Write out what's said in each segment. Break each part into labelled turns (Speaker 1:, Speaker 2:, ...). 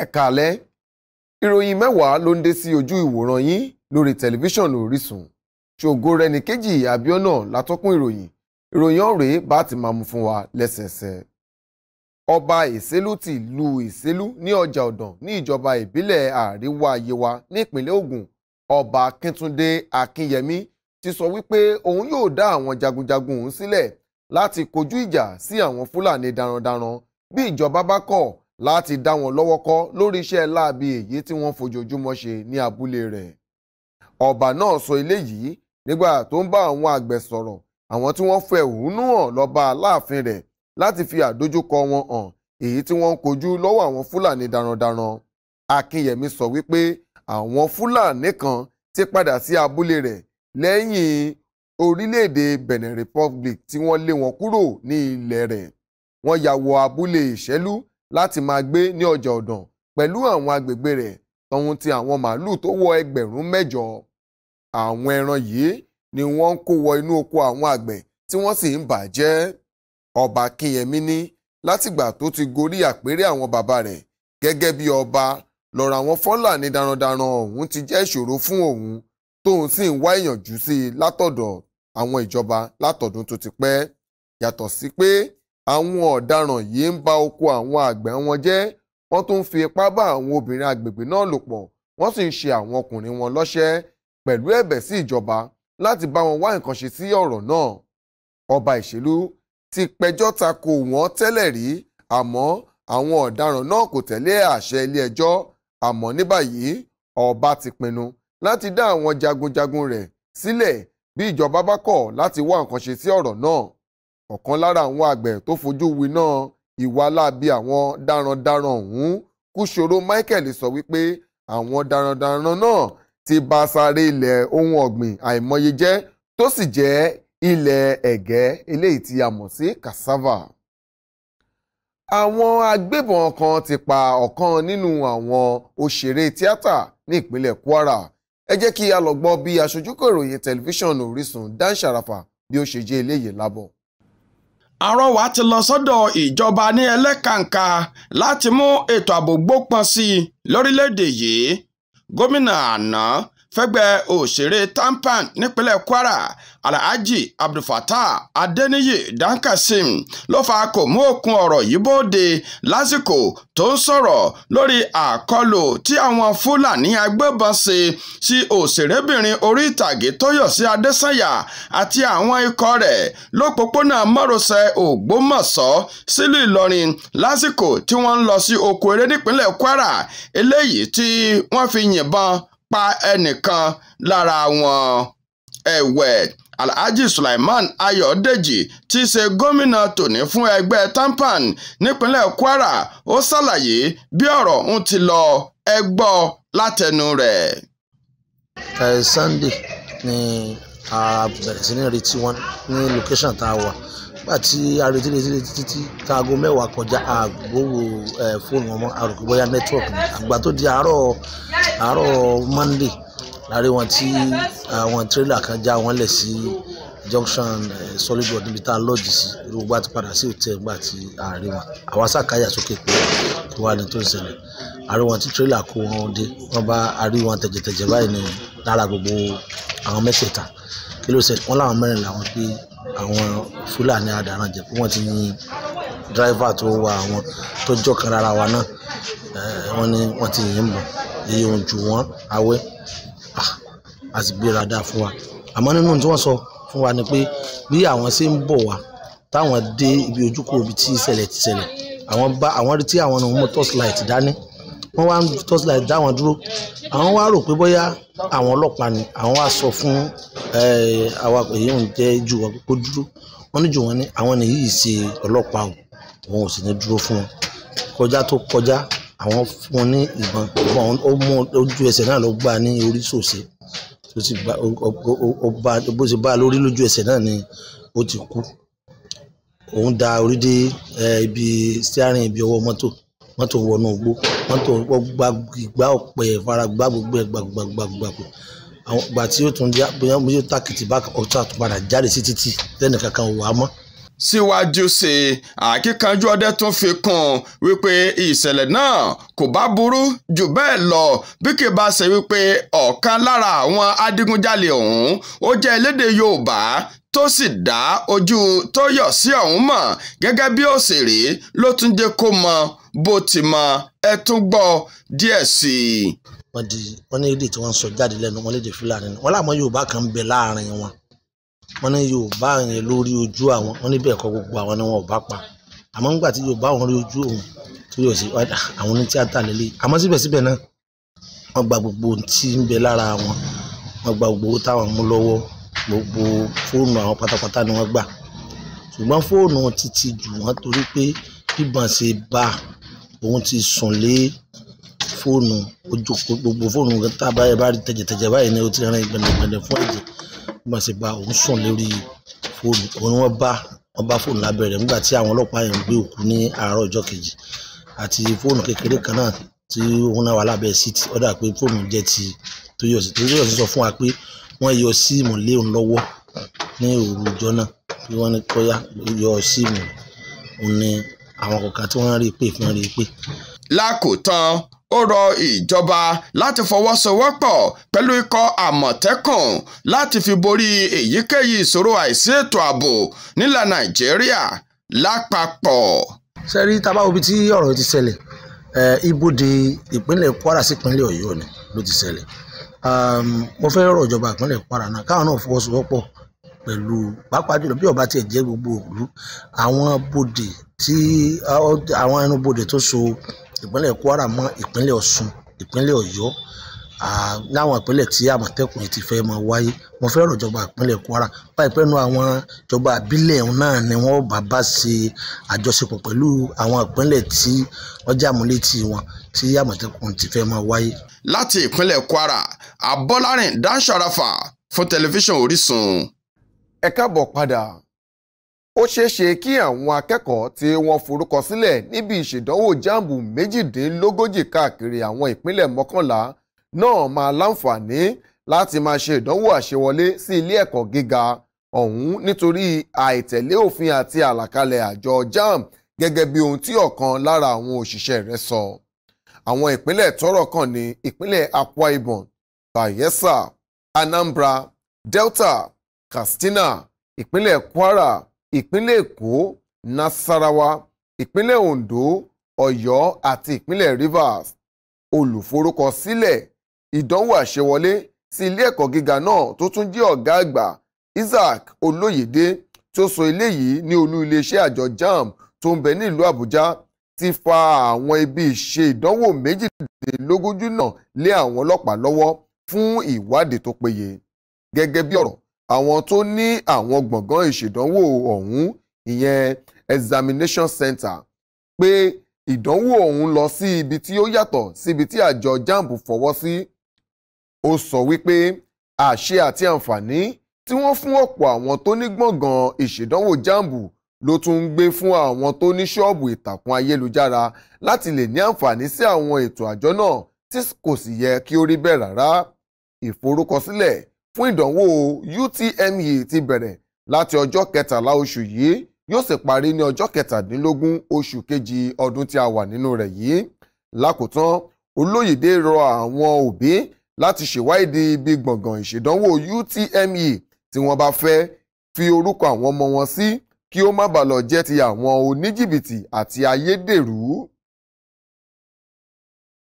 Speaker 1: ẹ káalẹ́ ìròyìn mẹ́wàá ló ń dé sí ojú ìwòran yín lórí tẹlifíṣàn Orísun ṣògo rẹni kejì Abíọ́nà látọ́kùn ìròyìn ìròyìn ọ̀rẹ́ bá ti máa mú fún wa lẹ́sẹẹsẹ. ọba ìsélú ti lu ìsélú ní ọjà ọ̀dàn ní ìjọba ìbílẹ̀ àríwá yewa nípínlẹ̀ Ògùn ọba Akíntúndé Akínyẹmí ti sọ wípé òun yóò dá àwọn jagunjagun òun sílẹ̀ láti kojú ìjà sí àwọn Fúlàní darandaran bí ìjọba bá kọ̀ láti dá wọn lọ́wọ́ kọ́ lórí iṣẹ́ láabi èyí tí wọ́n fojoojúmọ́ ṣe ní abúlé rẹ̀. ọba náà sọ eléyìí nígbà tó ń bá àwọn àgbẹ̀ sọ̀rọ̀ àwọn tí wọ́n fẹ̀hónú hàn lọ́ba aláàfin rẹ̀ láti fi àdójúkọ wọn hàn èyí tí wọ́n ń kojú lọ́wọ́ àwọn fúlàní darandaran. akínyẹ̀mí sọ wípé àwọn fúlàní kan ti padà sí abúlé rẹ̀ lẹ́yìn orílẹ̀-èdè Benin Republic tí wọ́n lé wọn kúrò ní ilẹ̀ rẹ̀ wọ́n ya wọ abúlé ìṣẹ́lú láti máa gbé ní ọjà ọ̀dàn pẹ̀lú àwọn agbègbè rẹ̀ tọ̀hún ti àwọn màálù tó wọ ẹgbẹ̀rún mẹ́jọ. àwọn ẹran yìí ni wọ́n ń kó wọ inú oko àwọn àgbẹ̀ tí wọ́n sì ń bà jẹ́. ọba akínyẹmí ní látìgbà tó ti gorí àpèrè àwọn bàbá rẹ̀ gẹ́gẹ́ bí ọba lọ́rọ̀ àwọn fọ́làní darandaran ọ̀hún ti jẹ́ ìṣòro fún òun tóun sì ń wá ìyànjú sí i látọ̀dọ̀ àwọn ìjọba látọ̀dún tó ti pẹ́ yàtọ̀ sí pé àwọn ọ̀daràn yìí ń ba oko àwọn àgbẹ̀ wọn jẹ́ wọ́n tún ń fi ipá bá àwọn obìnrin agbègbè náà lò pọ̀ wọ́n sì ń ṣe àwọn ọkùnrin wọn lọ́ṣẹ́ pẹ̀lú ẹ̀bẹ̀ sí ìjọba láti bá wọn wá nǹkan ṣe sí ọ̀rọ̀ náà ọba ìṣèlú ti pẹjọ́ ta ko wọ́n tẹ́lẹ̀ rí àmọ́ àwọn ọ̀daràn náà kò tẹ̀lé àṣẹ ilé ẹjọ́ àmọ́ ní báyìí ọba ti pinnu láti dá àwọn jagunjagun rẹ̀ sílẹ̀ bí ìjọba bá kọ̀ láti wá nǹkan ṣe sí ọ̀rọ̀ náà ọ̀kan lára àwọn àgbẹ̀ tó fojú winá ìwà láabi àwọn darandaran ọ̀hún Kúṣòro Michael sọ wípé àwọn darandaran náà ti ba sáré ilẹ̀ ohun ọ̀gbìn àìmọye jẹ́ tó sì jẹ́ ilẹ̀ ẹ̀gẹ́ eléyìí tí a mọ̀ sí cassava. Àwọn agbébọn kan ti pa ọ̀kan nínú àwọn òṣèré tíátà ní ìpínlẹ̀ Kwara ẹ jẹ́ kí a lọ gbọ́
Speaker 2: bí aṣojúkọ̀ ìròyìn tẹlifíṣàn Orísun Dan Sharafa bí ó ṣe jẹ́ eléyìí lábọ̀. àrọwà ti lọ sọ́dọ̀ ìjọba ní ẹlẹ́kàǹkà láti mú ètò ààbò gbópọn sí i lórílẹ̀ yìí gómìnà àná fẹ́gbẹ́ òṣèré tampan nípínlẹ̀ kwara alhaji abdulfatah adeniyi dankasim ló fa kò mú òkun ọ̀rọ̀ yìí bóde lásìkò tó ń sọ̀rọ̀ lórí àkọlù tí àwọn fúlàní agbébọn ṣe sí òṣèrébìnrin orí ìtàgé tóyọ̀sí adésànyà àti àwọn ikọ̀ rẹ̀ lópòpónà mọ́rọ̀sẹ̀ ògbómọ̀ṣọ́ sílùú ìlọrin lásìkò tí wọ́n ń lọ sí oko eré nípínlẹ̀ kwara eléyìí tí wọ́n fi yìnbọn pa ẹnìkan lára wọn. ẹ̀wẹ̀ alhaji sulaiman ayọ̀dèjì tí í ṣe gómìnà tòní fún ẹgbẹ́ tampan nípínlẹ̀ kwara ó ṣàlàyé bí ọ̀rọ̀ ń ti lọ ẹ látẹnu
Speaker 3: rẹ̀. ẹ sunday ni a bẹ̀rẹ̀ sí ní retí wọn ní location tá a wà nígbà tí a retí retí retí títí káago mẹ́wàá kọjá àgbówó fóònù wọn àròkè bóyá network ni àgbà tó di àárọ̀ àárọ̀ monday láàrin wọn tí àwọn tírélà kan já wọn lẹ̀ sí junction solid road níbi tá a lọ́ọ̀jì sí irú bá ti padà sí òtẹ́ ìgbà tí àárín wọn àwọn sàkáyà sókè pé kí wàá ní tó ń ṣẹlẹ̀ àárín wọn tí tírélà kó wọn dé wọn bá àárín wọn tẹ̀jẹ̀tẹ̀jẹ̀ báyìí ní lára gbogbo àwọn mẹ́sẹ̀ta kí ló ṣe wọn láwọn mẹ́rin làwọn pé àwọn fúlàní àdàràn jẹ pé wọn ti yin dírẹ́fà tó wa àwọn tó jọkan rárá wa náà eh, wọn ni wọn ti yìn bọ èyí ò jù wọn awẹ ah, a sì gbéra dáa fún wa àmọ́ nínú tí wọ́n sọ fún wa ni pé bí àwọn ṣe ń bọ̀ wá táwọn dé ibi ojúkò ibi tí ìṣẹ̀lẹ̀ ti ṣẹlẹ̀ àwọn bá àwọn tí àwọn ọmọ torchlight dání wọ́n wá ń torchlight dá wọn dúró àwọn wá rò pé bóyá àwọn ọlọ́pàá ni àwọn wá sọ fún awakọ̀ èyí ń jẹ́ jù wọn kó dúró wọ́n ní jù wọn ní àwọn ní yìí ṣe ọlọ́pàá o wọn ò sì ní dúró fún wọn kọjá tó kọjá àwọn fún wọn ní ìbọn ìbọn ó mú ojú ẹsẹ̀ náà ló gbá ní orí sòsè tó sì gba bó ṣe bá a lórí lójú ẹsẹ̀ náà ni ó ti kú òun da orí dé ibi steering ibi ọwọ́ mọ́tò mọ́tò wọnú igbó mọ́tò gbà ọ̀pẹ faragbá gbogbo ẹ̀ gbàgbàgbàgbàgbà àwọn ìgbà tí ó tún di bóyá mo yóò tàkìtì bá ọtún àtúpadà jáde sí títì lẹ́nu kankan wà á mọ́.
Speaker 2: síwájú sí i àkíkanjú ọdẹ tún fi kún un wípé ìṣẹ̀lẹ̀ náà kò bá burú jù bẹ́ẹ̀ lọ bí kì bá ṣe wípé ọ̀kan lára àwọn adigunjalè ọ̀hún ó jẹ́ elédè Yorùbá tó sì dá ojú tó yọ̀ sí ọ̀hún mọ̀ gẹ́gẹ́ bí òṣèré ló tún jẹ́ kó mọ̀ bó ti mọ ẹ tún
Speaker 3: gbọ́ díẹ̀ sí i. wọ́n di wọ́n ní èdè tí wọ́n ń sọ jáde lẹ́nu wọn lédè fúlàní wọn láwọn yorùbá kan ń bẹ láàrin wọn wọn ní yorùbá yẹn lórí ojú àwọn wọn níbẹ̀ kọ́ gbogbo àwọn ni wọn ò bá pa àmọ́ ńgbà tí yorùbá wọn rí ojú òun torí ọ̀sẹ̀ ah, àwọn ní tíátà lélẹ̀ àmọ́ síbẹ̀síbẹ̀ náà wọ́n gba gbogbo tí ń bẹ lára wọn wọ́n gba gbogbo táwọn mú lọ́wọ́ gbogbo fóònù àwọn pátápátá ni wọ́n gbà ṣùgbọ́n fóònù títí jù wọ́n torí pé bíbọn ṣe bá òun ti sùn lé fóònù ojú gbogbo fóònù tá a bá yẹ bá rí tẹ̀jẹ̀tẹ̀jẹ̀ báyìí ni ó ti rìn gbẹ̀lẹ̀gbẹ̀lẹ̀ fún ẹ̀jẹ̀ nígbà tí ba òun sùn lórí fóònù òun wọ́n bá wọ́n bá fóònù lábẹ́ rẹ̀ nígbà tí àwọn ọlọ́pàá yẹn ń gbé òkú ní àárọ̀ ọjọ́ kejì àti fóònù kékeré kan náà tí òun náà wà lábẹ́ síìtì ó dà pé fóònù jẹ́ ti Tóyọ̀sí Tóyọ̀sí sọ fún wa pé wọ́n yọ síìmù lé òun lọ́wọ́ ní òru ọjọ́ náà bí wọ́n ní kọ́yá yọ síìmù òun ní àwọn kọ̀ọ̀kan tí wọ́n rí i pé fún rí i pé. lákòótán
Speaker 2: ó rọ ìjọba láti fọwọ́sowọ́pọ̀ pẹ̀lú ikọ̀ àmọ̀tẹ́kùn láti fi borí èyíkéyìí ìṣòro àìsí ètò ààbò nílẹ̀ nàìjíríà
Speaker 3: lápapọ̀. sẹ́rí tábà obi tí ọ̀rọ̀ ti ṣẹlẹ̀ ibodè ìpínlẹ̀ kwara sí ìpínlẹ̀ ọ̀yọ́ ni ló ti ṣẹlẹ̀ mo fẹ́ rọ̀ ìjọba ìpínlẹ̀ kwara náà káwọn náà fọwọ́sowọ́pọ̀ pẹ̀lú pàápàá jùlọ bí ọba tiẹ̀ jẹ́ gbogbo òlu àwọn bodè tí àwọn ẹnubodè tó so ìpínlẹ̀ Kwara mọ́ ìpínlẹ̀ Ọ̀ṣun ìpínlẹ̀ Ọ̀yọ́ láwọn ìpínlẹ̀ tí àmọ̀tẹ́kùn ti fẹ́ máa wáyé mo fẹ́ rọ̀ ìjọba ìpínlẹ̀ Kwara báyìí pẹ́ẹ́nu àwọn ìjọba àbílẹ̀ náà ni wọ́n bá bá ṣe àjọṣepọ̀ pẹ̀lú àwọn ìpínlẹ̀ tí wọ́n jàmúlétì wọn tí àmọ̀tẹ́kùn ti fẹ́ máa wáyé. láti ìpínlẹ̀ Kwara abọ́lárìn Dan Sharafa
Speaker 2: fún tẹlifíṣàn Orísun. ẹ káàbọ̀ padà ó ṣeé ṣe
Speaker 1: kí àwọn akẹ́kọ̀ọ́ tí wọ́n forúkọ sílẹ̀ níbi ìṣèdánwò jáàmù méjìdínlógójì káàkiri àwọn ìpínlẹ̀ mọ́kànlá náà máa láǹfààní láti máa ṣe ìdánwò àṣewọlé sí ilé ẹ̀kọ́ gíga ọ̀hún nítorí àìtẹ̀lé òfin àti àlàkalẹ̀ àjọ jamb gẹ́gẹ́ bí ohun tí ọ̀kan lára àwọn òṣìṣẹ́ rẹ̀ sọ. àwọn ìpínlẹ̀ tọ́rọ̀ kàn ní ìpínlẹ̀ Akwa Ibom Bayelsa Anambra Delta Katsina ìpínlẹ̀ Kwara ìpínlẹ̀ èkó nasarawa ìpínlẹ̀ ondo ọ̀yọ́ àti ìpínlẹ̀ rivers olùforúkọsílẹ̀ ìdánwò àṣewọlé sí ilé ẹ̀kọ́ gíga náà tó tún jẹ́ ọ̀gá àgbà isaac olóyèdé tí ó sọ eléyìí ní olú iléeṣẹ́ àjọ jamb tó ń bẹ nílùú àbújá ti fa àwọn ibi ìṣe ìdánwò méjìdínlógójì náà lé àwọn ọlọ́pàá lọ́wọ́ fún ìwádìí tó péye gẹ́gẹ́ bí ọ̀rọ̀ àwọn tó ní àwọn gbọ̀ngàn ìṣèdánwò ọ̀hún ìyẹn examination center pé ìdánwò ọ̀hún lọ sí ibi tí ó yàtọ̀ síbi tí àjọ jamb fọwọ́ sí ó sọ wípé àṣẹ àti àǹfààní tí wọ́n fún ọ̀pọ̀ àwọn tó ní gbọ̀ngàn ìṣèdánwò jamb ló tún ń gbé fún àwọn tó ní ṣọ́ọ̀bù ìtàkùn ayélujára láti lè ní àǹfààní sí àwọn ètò àjọ náà tí kò sì yẹ kí ó rí bẹ́ẹ̀ rárá ìforúkọsílẹ̀ fún ìdánwò UTME ti bẹ̀rẹ̀ láti ọjọ́ kẹtàlá oṣù yìí yóò sì parí ní ọjọ́ kẹtàdínlógún oṣù kejì ọdún tí a wà nínú rẹ̀ yìí lákòótán olóyèdè rọ àwọn òbí láti ṣèwádìí ibi gbọ̀ngàn ìṣèdánwò UTME tí wọ́n bá fẹ́ fi orúkọ àwọn ọmọ wọn sí kí ó má bàa lọ jẹ́ ti àwọn oníjìbìtì àti ayédèrú.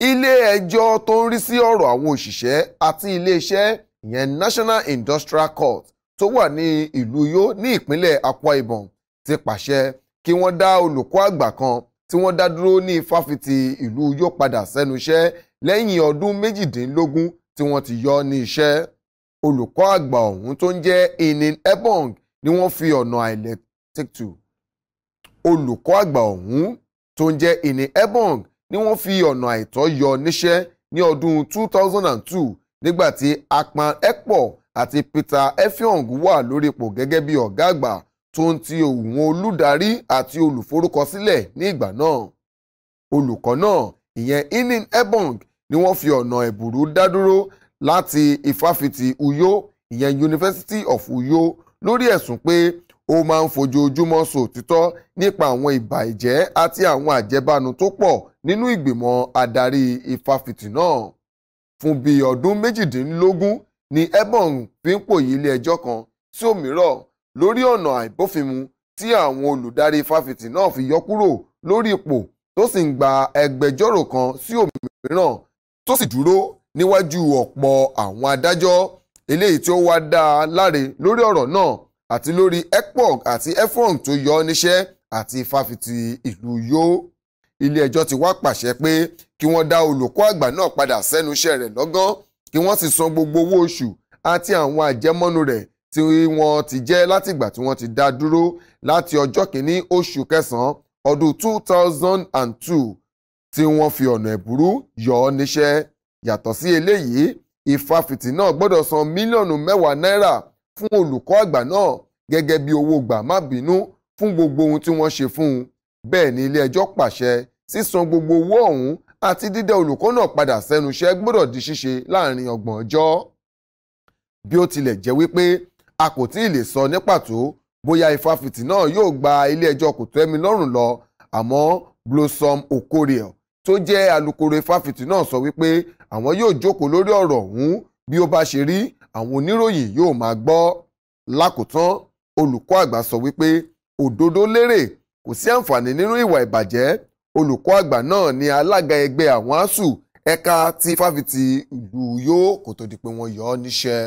Speaker 1: ilé ẹjọ́ tó ń rí sí ọ̀rọ̀ àwọn òṣìṣẹ́ àti iléeṣẹ́ ìyẹn National Industrial Court tó wà ní ìlú Yó ní ìpínlẹ̀ Akwa Ibom ti pàṣẹ kí wọ́n dá olùkọ́ àgbà kan tí wọ́n dá dúró ní fáfitì ìlú Yó padà sẹ́nu iṣẹ́ lẹ́yìn ọdún méjìdínlógún tí wọ́n ti yọ ní iṣẹ́ olùkọ́ àgbà ọ̀hún tó ń jẹ́ Inin Ebong ni wọ́n fi ọ̀nà àìlẹ̀ tètù olùkọ́ àgbà ọ̀hún tó ń jẹ́ Inin Ebong ni wọ́n fi ọ̀nà àìtọ́ yọ níṣẹ́ ní ọdún two nígbà tí Akpan Ekpo àti Peter Effiong wà lórí ipò gẹ́gẹ́ bí ọ̀gá àgbà tó ń ti òun olùdarí àti olùforúkọsílẹ̀ ní ìgbà náà. olùkọ́ náà ìyẹn Inin Ebong ni wọ́n fi ọ̀nà ẹ̀bùrú dá dúró láti ìfáfitì Uyo ìyẹn University of Uyo lórí ẹ̀sùn pé ó máa ń fojoojúmọ́ sòtítọ́ nípa àwọn ìbà ìjẹ́ àti àwọn àjẹbánu tó pọ̀ nínú ìgbìmọ̀ adarí ìfáfitì náà fún bíi ọdún méjìdínlógún ni Ebong fi ń pòyì ilé-ẹjọ́ kan sí òmíràn lórí ọ̀nà àìbófinmu tí àwọn olùdarí fáfitì náà fi yọ kúrò lórí ipò tó sì ń gba ẹgbẹjọ́rò kan sí òmíràn tó sì dúró níwájú ọ̀pọ̀ àwọn adájọ́ eléyìí tí ó wá dá a láre lórí ọ̀rọ̀ náà àti lórí Ekpog àti Efong tó yọ ọ́ níṣẹ́ àti fáfitì ìlú Yó ilé ẹjọ́ ti wá pàṣẹ pé kí wọ́n dá olùkọ́ àgbà náà padà sẹ́nu iṣẹ́ rẹ̀ lọ́gán kí wọ́n sì san gbogbo owó oṣù àti àwọn àjẹmọ́nu rẹ̀ tí wọ́n ti jẹ́ látìgbà tí wọ́n ti dá dúró láti ọjọ́ kìíní oṣù kẹsàn-án ọdún two thousand and two tí wọ́n fi ọ̀nà ẹ̀bùrú yọ ọ́ níṣẹ́ yàtọ̀ sí eléyìí ìfáfitì náà gbọ́dọ̀ san mílíọ̀nù mẹ́wàá náírà fún olùkọ́ àgbà náà gẹ́gẹ́ bí owó gbà má bínú fún gbogbo ohun tí wọ́n ṣe fún un bẹ́ẹ̀ ni ilé ẹjọ́ pàṣẹ sísan gbogbo owó ọ̀hún àti dídá olùkọ́ náà padà sẹ́nu iṣẹ́ gbọ́dọ̀ di ṣíṣe láàrin ọgbọ̀n ọjọ́ bí ó tilẹ̀ jẹ́ wípé a kò tí ì lè sọ ní pàtó bóyá ifáfitì náà yóò gba ilé ẹjọ́ kòtẹ́milọ́rùn lọ àmọ́ Blossom Okoriel tó jẹ́ alukoro ifáfitì náà sọ wípé àwọn yóò jókòó lórí ọ̀rọ̀ ọ̀hún bí ó bá ṣe rí àwọn oníròyìn yóò máa gbọ́ lákòótán olùkọ́ àgbà sọ wípé òdodo lérè kò sí àǹfààní nínú ìwà ìbàjẹ́ olùkọ́ àgbà náà ni alága ẹgbẹ́ àwọn asuu ẹ̀ka ti fáfitì ìlú yóò kó tó di pé wọ́n yọ ọ́ níṣẹ́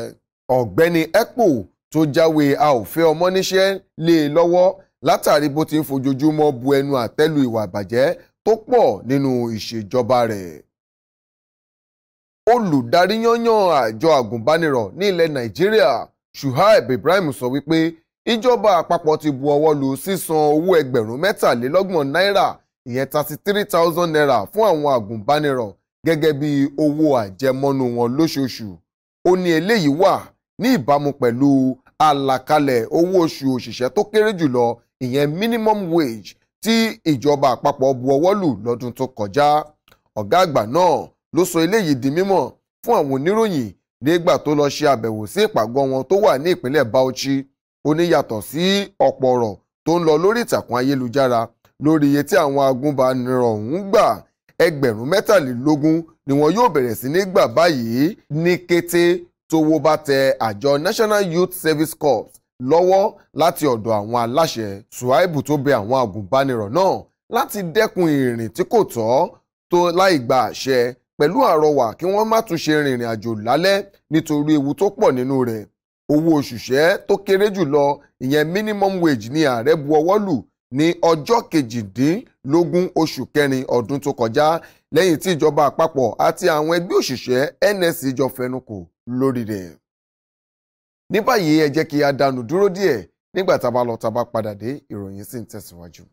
Speaker 1: ọ̀gbẹ́ni ekpo tó jáwé a ò fẹ́ ọmọ níṣẹ́ lé e lọ́wọ́ látàrí bó ti ń fojoojúmọ́ bu ẹnu àtẹ́lu ìwà ìbàjẹ́ tó pọ̀ nínú ìṣèjọba rẹ̀ olùdarí yányán àjọ àgùnbánirọ̀ ní ilẹ̀ nàìjíríà Shuaib Ibrahim sọ wípé ìjọba àpapọ̀ ti bu ọwọ́ lu sísan owó ẹgbẹ̀rún mẹ́tàlélọ́gbọ̀n náírà ìyẹn thirty three thousand naira fún àwọn àgùnbánirọ̀ gẹ́gẹ́ bí owó àjẹmọ́nú wọn lóṣooṣù ó ní eléyìí wà ní ìbámu pẹ̀lú àlàkalẹ̀ owó oṣù òṣìṣẹ́ tó kéré jùlọ ìyẹn minimum wage tí ìjọba àpapọ̀ bu ọwọ́ lù lọ́dún tó kọjá ọ̀gá àgbà náà ló sọ eléyìí di mímọ̀ fún àwọn oníròyìn nígbà tó lọ ṣe àbẹ̀wò sí ìpàgọ́ wọn tó wà ní ìpínlẹ̀ Bauchi oníyàtọ̀ sí ọ̀pọ̀ ọ̀rọ̀ tó ń lọ lórí ìtàkùn ayélujára lórí iye tí àwọn agúnbánirọ̀ ń gbà ẹgbẹ̀rún mẹ́tàlélógún ni wọn yóò bẹ̀rẹ̀ sí ní gbà báyìí ní kété tówó bá tẹ àjọ National Youth Service Corps lọ́wọ́ láti ọ̀dọ̀ àwọn aláṣẹ Suhaibu tó bẹ àwọn agúnbánirọ̀ náà láti dẹ́kun ìrìn tí kò tọ́ tó láì gba àṣẹ pẹ̀lú àrọwà kí wọ́n má tún ṣe rìnrìn àjò lálẹ́ nítorí ewu tó pọ̀ nínú rẹ̀ owó òṣìṣẹ́ tó kéré jùlọ ìyẹn minimum wage ni ààrẹ bu ọwọ́ lù ní ọjọ́ kejìdínlógún oṣù kẹrin ọdún tó kọjá lẹ́yìn tí ìjọba àpapọ̀ àti àwọn ẹgbẹ́ òṣìṣẹ́ NSC jọ fẹnukò lórí rẹ̀. ní báyìí ẹ jẹ́ kí a dánu dúró díẹ̀ nígbà tá a bá lọ tá a bá padà dé ìròyìn sì ń tẹ̀síwájú.